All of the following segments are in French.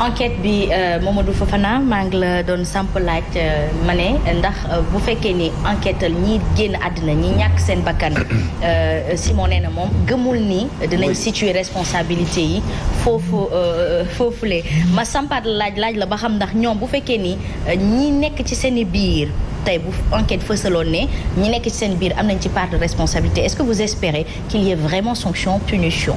enquête bi euh, Mamadou Fofana m'angle ngi la doon samp laaj euh, mané ne ndax euh, bu fekkee ni enquête ñi génn ni ñi ñàkk seen bakkan Simon nee na moom gëmul ni dinañ situer responsabilité yi foofu Mais ma sampaat laaj laaj la ba xam ndax ñoom bu fekkee ni ñi nekk ci seen biir tey bu enquête fësaloon ne ñi nekk ci seen biir am ci part de responsabilité est-ce que vous espérez qu'il y ait vraiment sanction punition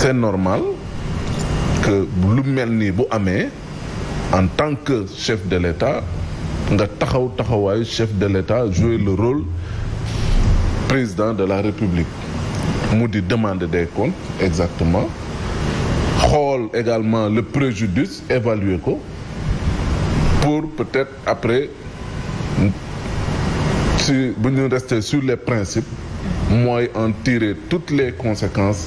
c'est normal que lu melni en tant que chef de l'État nga chef de l'État jouer le rôle président de la République moudi demande des comptes exactement xol également le préjudice évaluer ko pour peut-être après si nous restons sur les principes moi en tirer toutes les conséquences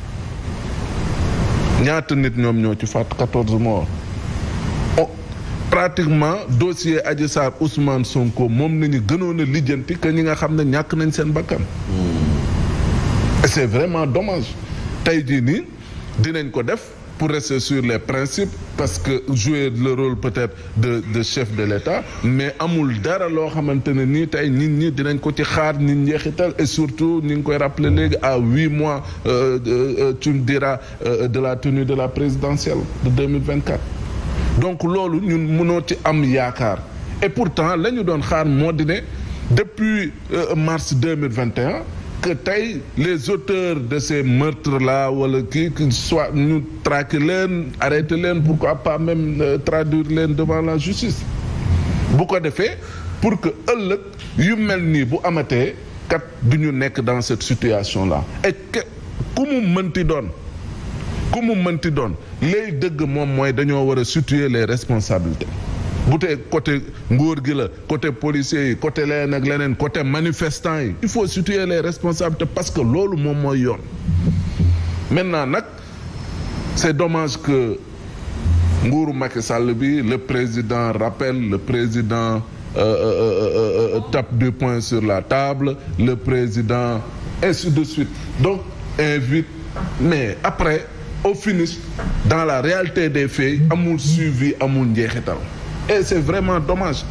ñaata nit ñoom ñoo ci faat quatorze morts oh, pratiquement dossier Adji Sarr Ousmane Sonko moom nañu ñu a lijjanti que ñi nga xam ne ñàkk nañ seen bakkan hmm. c'est vraiment dommage tey jii nii dinañ ko def pour rester sur les principes parce que jouer le rôle peut-être de chef de l'État mais amul dara ne ni et surtout ni à huit mois euh, euh, tu me euh, de la tenue de la présidentielle de 2024 donc nous nous nous et pourtant nous nous depuis mars 2021 que tey les auteurs de ces meurtres là wala soient soit nous traquer l'un, arrêter l'un, pourquoi pas même euh, traduire l'un devant la justice Pourquoi des faits pour que eux, yu mel nii bu amatee kat du dans cette situation là et que comment mu donne, comment ku donne les deux lay dëgg moom mooy situer les responsabilités côté côté policier côté manifestant il faut situer les responsables parce que lolu moment moy maintenant c'est dommage que le président rappelle le président euh, euh, euh, tape deux points sur la table le président ainsi de suite donc invite mais après au finish dans la réalité des faits amul suivi amul njeexital et c'est vraiment dommage.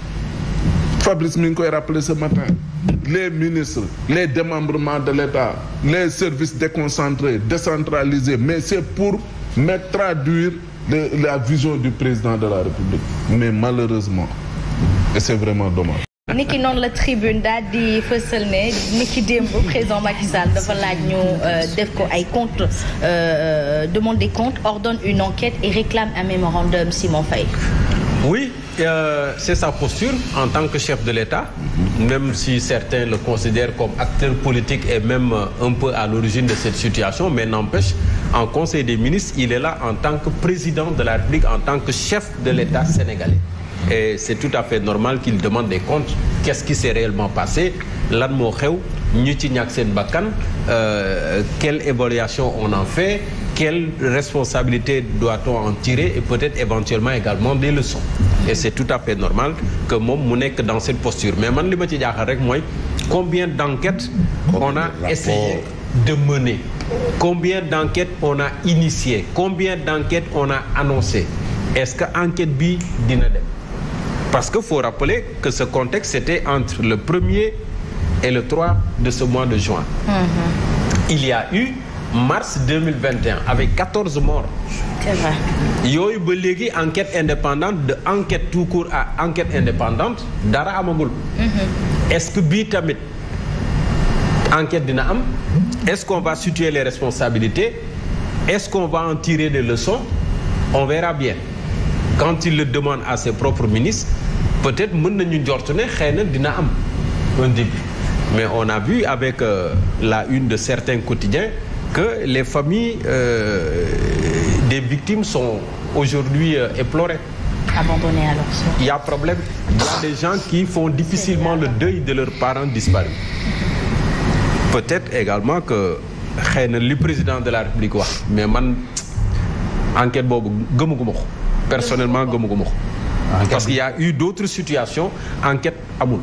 Fabrice Minko est rappelé ce matin. Les ministres, les démembrements de l'État, les services déconcentrés, décentralisés, mais c'est pour mettre traduire de la vision du président de la République. Mais malheureusement, et c'est vraiment dommage. ni non la tribune di président Macky Sall dafa laaj ñu euh, def ko compte euh, euh, demande des comptes ordonne une enquête et réclame un mémorandum Simon Faye oui, euh, c'est sa posture en tant que chef de l'État, même si certains le considèrent comme acteur politique et même euh, un peu à l'origine de cette situation, mais n'empêche, en Conseil des ministres, il est là en tant que président de la République, en tant que chef de l'État sénégalais. Et c'est tout à fait normal qu'il demande des comptes. Qu'est-ce qui s'est réellement passé Lan Sen Bakan, euh, quelle évaluation on en fait quelle responsabilité doit-on en tirer et peut-être éventuellement également des leçons et c'est tout à fait normal que mon monnaie que dans cette posture mais man je combien d'enquêtes on a essayé de mener combien d'enquêtes on a initiées combien d'enquêtes on a annoncé est-ce que enquête bi dina parce qu'il faut rappeler que ce contexte c'était entre le 1er et le 3 de ce mois de juin mm-hmm. il y a eu mars 2021 avec 14 morts. Il y a eu une enquête indépendante de enquête tout court à enquête indépendante dara mhm. est-ce que enquête d'Inaam est-ce qu'on va situer les responsabilités est-ce qu'on va en tirer des leçons on verra bien quand il le demande à ses propres ministres peut-être qu'il nañu ne mais on a vu avec euh, la une de certains quotidiens que les familles euh, des victimes sont aujourd'hui euh, éplorées. Abandonnées à Il y a problème. Il y a des gens qui font difficilement le deuil de leurs parents disparus. Peut-être également que le président de la République, mais man, enquête personnellement, parce qu'il y a eu d'autres situations, enquête amoul.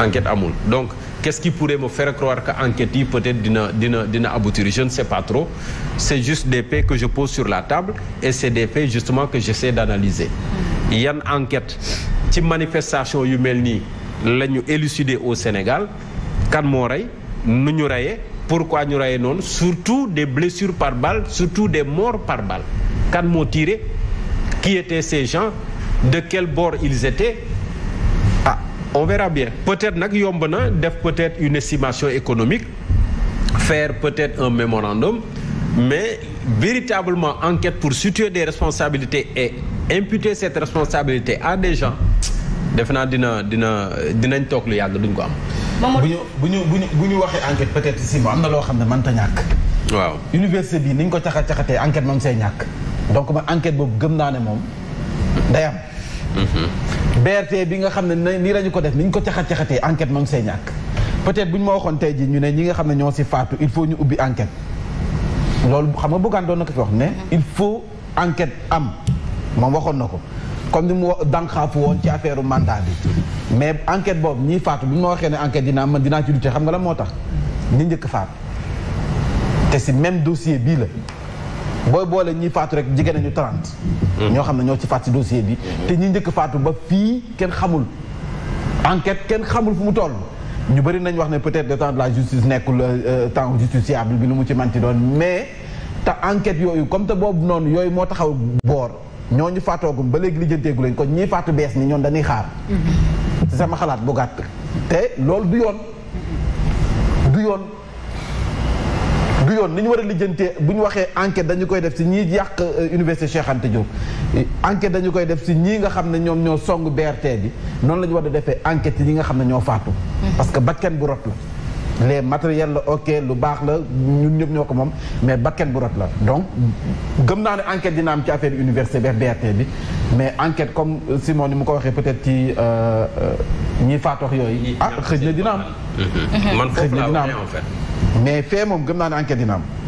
Enquête amoul. Donc, Qu'est-ce qui pourrait me faire croire qu'enquête peut-être d'une dina aboutir Je ne sais pas trop. C'est juste des faits que je pose sur la table et c'est des faits justement que j'essaie d'analyser. y a une enquête ci manifestation yu une nous, la ñu au Sénégal Quand moo rey nous ñu pourquoi ñu reyee non surtout des blessures par balle surtout des morts par balle kan moo tiré qui étaient ces gens de quel bord ils étaient on verra bien peut-être que yomb na def peut-être une estimation économique faire peut-être un mémorandum mais véritablement enquête pour situer des responsabilités et imputer cette responsabilité à des gens def naa dina dina dinañ toog lu yag duñ ko am. bu enquête peut-être si mais na loo xam ne mënta ñàkk. waaw université bi ni ko enquête donc ma enquête boobu gëm BRT bi nga xam ne nii la ñu ko def ni ñu ko caxat caxatee enquête moom see ñàkk peut-être bu ñu ma waxoon tey ji ñu ne ñi nga xam ne ñoo si faatu il faut ñu ubbi enquête loolu xam nga bëggaan doon na ko fi wax ne il faut enquête am moom waxoon na ko comme ni mu dànqaafu woon ci affaire mandat bi mais enquête boobu ñiy faatu bu ñu ma waxee ne dinaa man dinaa ci xam nga la moo tax ñu njëkk faat te si même dossier bii la booy boole ñi faatu rek jege ñu 30. ñoo xam ne ñoo ci faat si dossier bi. te ñi njëkk faatu ba fii kenn xamul enquete kenn xamul fu mu toll. ñu bëri nañ wax ne peut-être le temps de la justice nekkul euh, euh, temps justiciable bi lu mu ci manti doon mais te enquête yooyu comme te boobu noonu yooyu moo taxaw boor ñu faatoogum ba léegi lijjanteegu lañ kon ñii faatu bees ni ñoom dañuy xaar. Mm-hmm. ci sama xalaat bu gàtt. te loolu du yoon du yoon. du yoon wara lijeenté buñ waxé enquête dañu koy def ci ñi yak université Cheikh Anta Diop enquête dañu koy def ci ñi nga xamné ñom ñoom ñoo song BRT bi non la wara défé enquête yi nga xamné ne ñoo faatu parce que bakken bu rot la les matériels la ok lu baax la ñun ñëpp ñoko mom mais bakken bu rot la donc gëm na né enquête dina am ci affaire université BRT bi mais enquête comme Simon ni mu ko waxé peut-être ci euh ñi faatoox yooyu ah xëj na dina am xëj na dina am mais fee moom gëm naa ne enquête dina am.